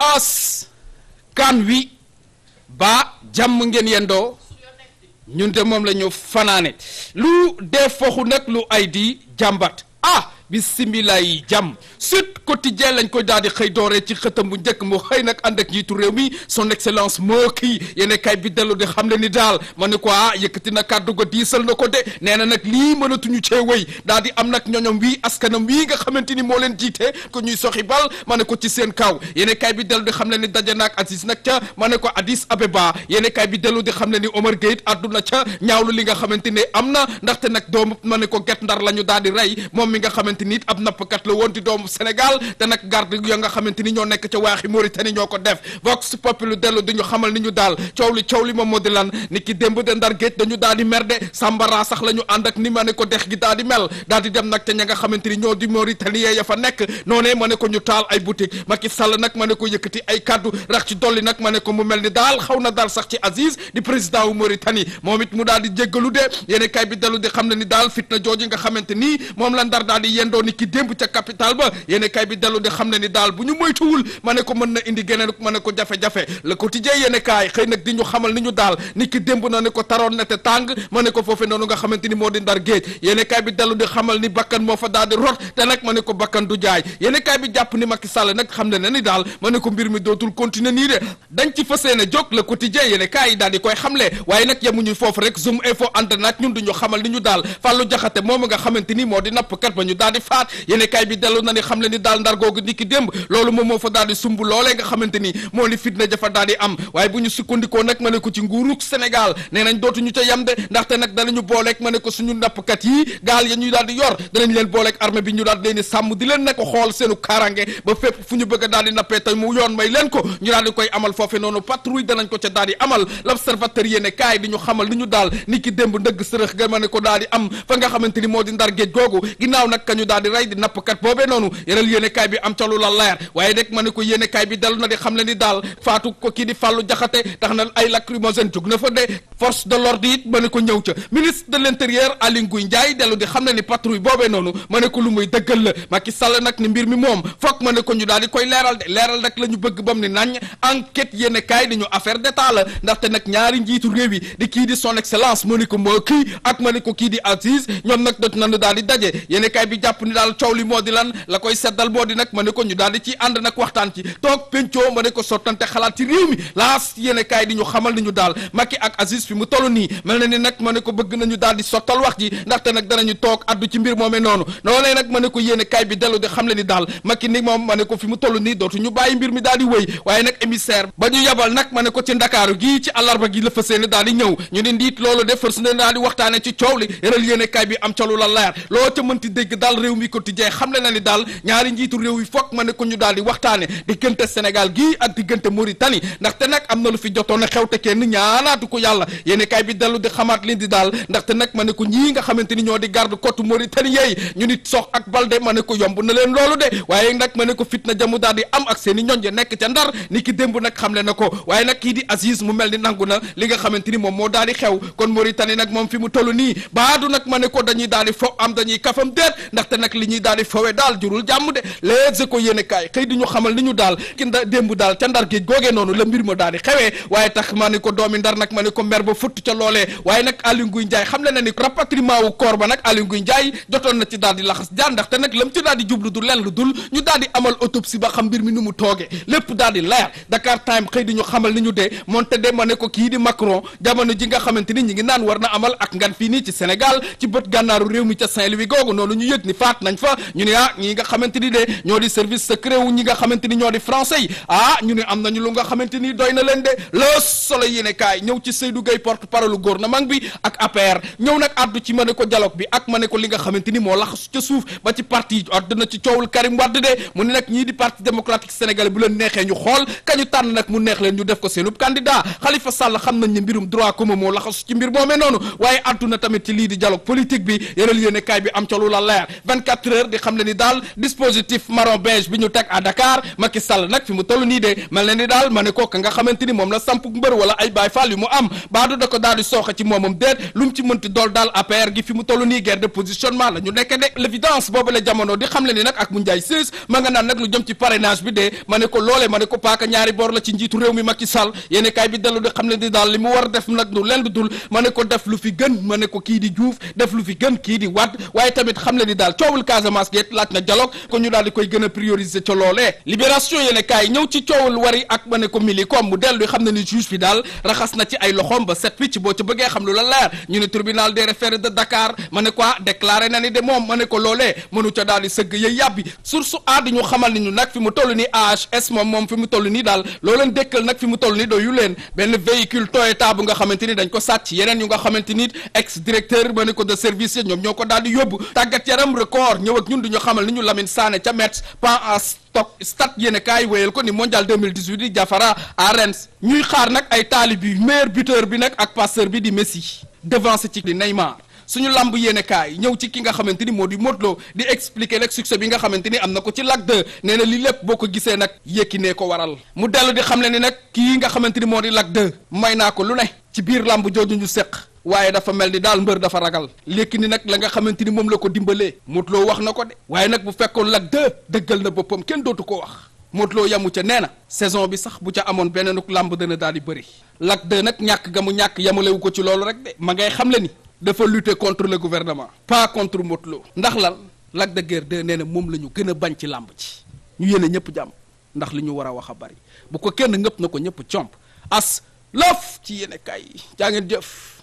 as kan wi ba jàmm ngeen yendoo ñun de moom la ñu fanaane lu dee foxu nag lu ay di jàmbat ah bisimilah yi jàmm Sud Quotidien lañ koy daal di xëy dooree ci xëtam bu njëkk moo xëy nag and ak njiitu réew mi son excellence moo kii yéen kay bi dellu di xam le ni daal ma ne ko ah yëkkati na kàddu ko diisal na ko nee na nag lii mënatuñu cee wéy daal di am nag ñoñom wii askanam wii nga xamante ni moo leen jiite ko ñuy soxi bal ma ne ko ci seen kaw yéen bi dellu di xam le ni daje naag Aziz nag ca ma ne ko Addis Abeba yéen kay bi dellu di xam le ni Omar Gueye àdduna ca ñaawlu li nga xamante ne am na ndaxte nag doomu ma ne ko get ndar la ñu daal di rey moom mi nga xamante xamante ni it ab nappkat la woon di doomu Sénégal te nag garde ya nga xamante ni ñoo nekk ca waaxi Mauritanie ñoo ko def vox populi dellu di ñu xamal ni ñu daal coow li coow li moom moo ni ki démb de ndar géej dañu daal di merde sàmbara sax la ñu ànd ak ni ma ne ko dex gi daal di mel daal di dem nag te ña nga xamante ni ñoo di Mauritanie ya fa nekk noonee ma ne ko ñu taal ay boutique Macky Sall nag ma ne ko yëkkati ay kaddu rax ci dolli nag ma ne ko mu mel ni daal xaw na daal sax ci Aziz di président wu Mauritanie moom daal di jéggalu de yéene kay bi dellu di xam ne ni daal fitna jooju nga xamante ni moom la ndar daal di yéen yendoo ni ki démb ca capital ba yéene kay bi dellu di xam ne ni daal bu ñu na indi geneen ma ne ni na ne ko taroon te tàng ma ne ko foofe noonu nga xamante ni moo di ndar géej ni moo fa daal di rot te nag ma ne ko bakkan du jaay yéene kaay bi jàpp ni Macky Sall nag xam ne ni daal di koy xamle waaye nag yemuñu foofu rek zoom info ànd naag ñun ba ñu daal di faat yéen kay bi dellu na ni xam le ni daal ndar googu ni ki démb loolu moom moo fa daal di sumb loolee nga xamante ni moo li fitna jafa daal di am waaye bu ñu sukkandikoo nag ma ne ko ci nguuruk Sénégal nee nañ dootuñu ca yem de ndaxte nag danañu booleeg ma ne ko suñu nappkat yi gaal ya ñuy daal di yor danañ leen booleeg armée bi ñu daal di leen sàmm di leen ne ko xool seenu kaaraange ba fépp fu ñu di nappee tey yoon may leen ko ñu daal koy amal foofe noonu patrouille danañ ko daal di amal l'observateur yéene kaay di ñu xamal li ñu daal ni ki démb ndëgg sërëx ga ma ne ko daal di am nga xamante ni moo di ndar géej googu ginnaaw nag kañu daal di ray di nappkat boobee noonu yëral yéene kaay bi am ca lu la leer waaye nag ma ne ko yéene bi dellu na di xam le ni daal faatu ko kii di fàllu jaxate tax na ay lacrymogène jóg na fa de force de l'ordre it ma ne ko ñëw ca ministre de l'intérieur Aly Ngouille Ndiaye dellu di xam ne ni patrouille boobee noonu ma ne ko lu muy dëggal la Macky Sall nag ni mbir mi moom foog ma ne ko ñu daal di koy leeral de leeral nag la ñu bëgg bam ni nañ enquête yéene kaay dañu affaire d'état la ndaxte nag ñaari njiitu réew yi di kii di son excellence ma ne ko moo kii ak ma ne ko kii di Aziz ñoom nag dot nañu daal di daje yéene bi jàpp ni daal coow li moo di lan la koy seddal moo di nag ma ne ñu daal di ci ànd nag waxtaan ci toog pencoo ma ne ko sottante xalaat ci réew mi laas di ñu xamal ni ñu daal Macky ak Aziz fi mu toll nii mel na ni nag ma ne ko bëgg nañu daal di sottal wax ji ndaxte nag danañu toog addu ci mbir moomee noonu loolee nag ma ne ko yéene kaay bi dellu di xam le ni daal Macky ni moom ma ne ko fi mu toll nii dootu bàyyi mbir mi daal di wéy waaye nag émissaire ba ñu nag ma ne ko ci ndakaaru gii ci àllarba gi la fa seeni daal di ñëw ñu ne ndiit loolu de fërsu ne daal di waxtaane ci coow li réel yéene bi am ca lu la loo ca dégg daal réew mi quotidien xam na ni daal ñaari njiitu réew yi foog ma ne ko ñu daal di waxtaane diggante Sénégal gii ak diggante Mauritanie ndaxte nag am na lu fi jotoon na xew te kenn ñaanaatu ko yàlla yéen bi dellu di xamaat li di daal ndaxte nag ma ne ko ñii nga xamante ni ñoo di garde côte Mauritanie yi ñu nit sox ak balde ma ne ko yomb na leen loolu de waaye nag ma ne ko fitna jamu daal di am ak seen i ñoñ nekk ca ndar ni ki démb nag xamle na ko waaye nag kii di Aziz mu mel ni nangu na li nga xamante ni moom daal di xew kon Mauritanie nag moom fi mu toll nii baadu nag ma ne ko dañuy daal di fo am dañuy kafam déet ndaxte nag li ñuy daal di fowe daal jurul jàmm de les ko yéen kaay xëy di ñu xamal ni ñu daal ki démb daal ca ndar géej googee noonu la mbir ma daal di xewee waaye tax ma ne ko doomi ndar nag ma ne ko mer ba futt ca loolee waaye nag Aly Ngouille Ndiaye xam le na ni rapatriement wu corps ba nag Aly Ngouille Ndiaye jotoon na ci daal di laxas jaan ndaxte nag lam ci daal di jublu du lenn lu dul ñu daal di amal autopsie ba xam mbir mi nu mu toogee lépp daal di leer Dakar Time xëy di ñu xamal ni ñu dee moonte de ma ne ko kii di Macron jamono ji nga xamante ni ñi ngi naan war na amal ak ngan nii ci Sénégal ci bët gànnaaru réew mi ca Saint-Louis googu ñu yëg ni faat nañ ah nga xamante ni de ñoo di service secret wu ñi nga xamante ni ñoo di français yi ah ñu ne am nañu lu nga xamante ni doy na leen de Le Soleil yéene kaay ñëw ci Seydou Gueye tey porte parole gouvernement bi ak APR ñëw nag addu ci ma ne ko dialogue bi ak ma ne ko li nga xamante ni moo laxasu ca suuf ba ci parti àdduna ci coowul Karim Wade de mu ne nag ñii di parti démocratique sénégalais bu leen neexee ñu xool kañu tànn nag mu neex leen ñu def ko seenub candidat Khalifa Sall xam na ne mbirum droit commun moo laxasu ci mbir moomee noonu waaye àdduna tamit ci lii di dialogue politique bi yëral yéene kaay bi am ca lu la leer 24 heures xam ne ni daal dispositif marron beige bi ñu teg à Dakar Macky Sall nag fi mu toll nii de mel ne ni ma ne ko nga xamante ni moom la samp mbër wala ay baay faal yu jaadu da ko daal di sooxe ci moomam déet lu mu ci mënti dool daal APR de ma ne ko paaka ñaari boor la ci njiitu réew mi Macky Sall yéene kaay bi dellu di xam ne ni daal coowul Casamance geet laaj na dialogue ko ñu daal di koy gën a ca loolee libération yéene ñëw ci coowul wari ak ma ne ko mili mu dellu xam ne ni juge bi daal raxas na ci ay loxoom ba set wicc boo ca bëggee xam lu la leer ñu ne tribunal des référés de Dakar ma ne ko ah déclaré na ni de moom ma ne ko loole mënu ca daal di sëgg yëy yàbbi sur a di ñu xamal ni ñu nag fi mu toll ni AHS moom moom fi mu toll nii daal loo leen dëkkal nag fi mu toll ni doyu leen benn véhicule Toyota bu nga xamante ni dañ ko sàcc yeneen yu nga xamante ni ex directeur ma ne ko de service yi ñoom ñoo ko daal di yóbbu tàggat yaram record ñëw ak ñun di ñu xamal ni ñu Lamine Sané ca Metz pan toog stade yéene kaay wéyal ko ni mondial 2018 di jafara à Rennes ñuy xaar nag ay taalib yu meilleur buteur bi nag ak passeur bi di Messi devancé ci di Neymar suñu lamb yéene kaay ñëw ci ki nga xamante ni moo di Modou Lo di expliquer nag succès bi nga xamante ni am na ko ci Lac 2 nee na li lépp boo ko gisee nag yékki nee ko waral mu dellu di xam le ni nag kii nga xamante ni moo di Lac 2 may naa ko lu ne ci biir làmb jooju ñu seq waaye dafa mel ni daal mbër dafa ragal lékk ni nag la nga xamante ni moom la ko dimbalee Modou wax na ko de waaye nag bu fekkoon Lac 2 dëggal na boppam kenn dootu ko wax Modou Lo yamu ca nee na saison bi sax bu ca amoon beneen làmb dana daal di bëri Lac 2 nag ñàkk ga mu ñàkk yamalewu ko ci loolu rek de ma ngay xam xamle ni dafa lutter contre le gouvernement pas contre Modou ndax lan Lac de Guiers 2 nee na moom la ñu gën a bañ ci làmb ci ñu yéene ñëpp jàmm ndax li ñu war a wax a bëri bu ko kenn ngëpp na ko ñëpp comp as loof ci yéene kaay yi jaa ngeen jëf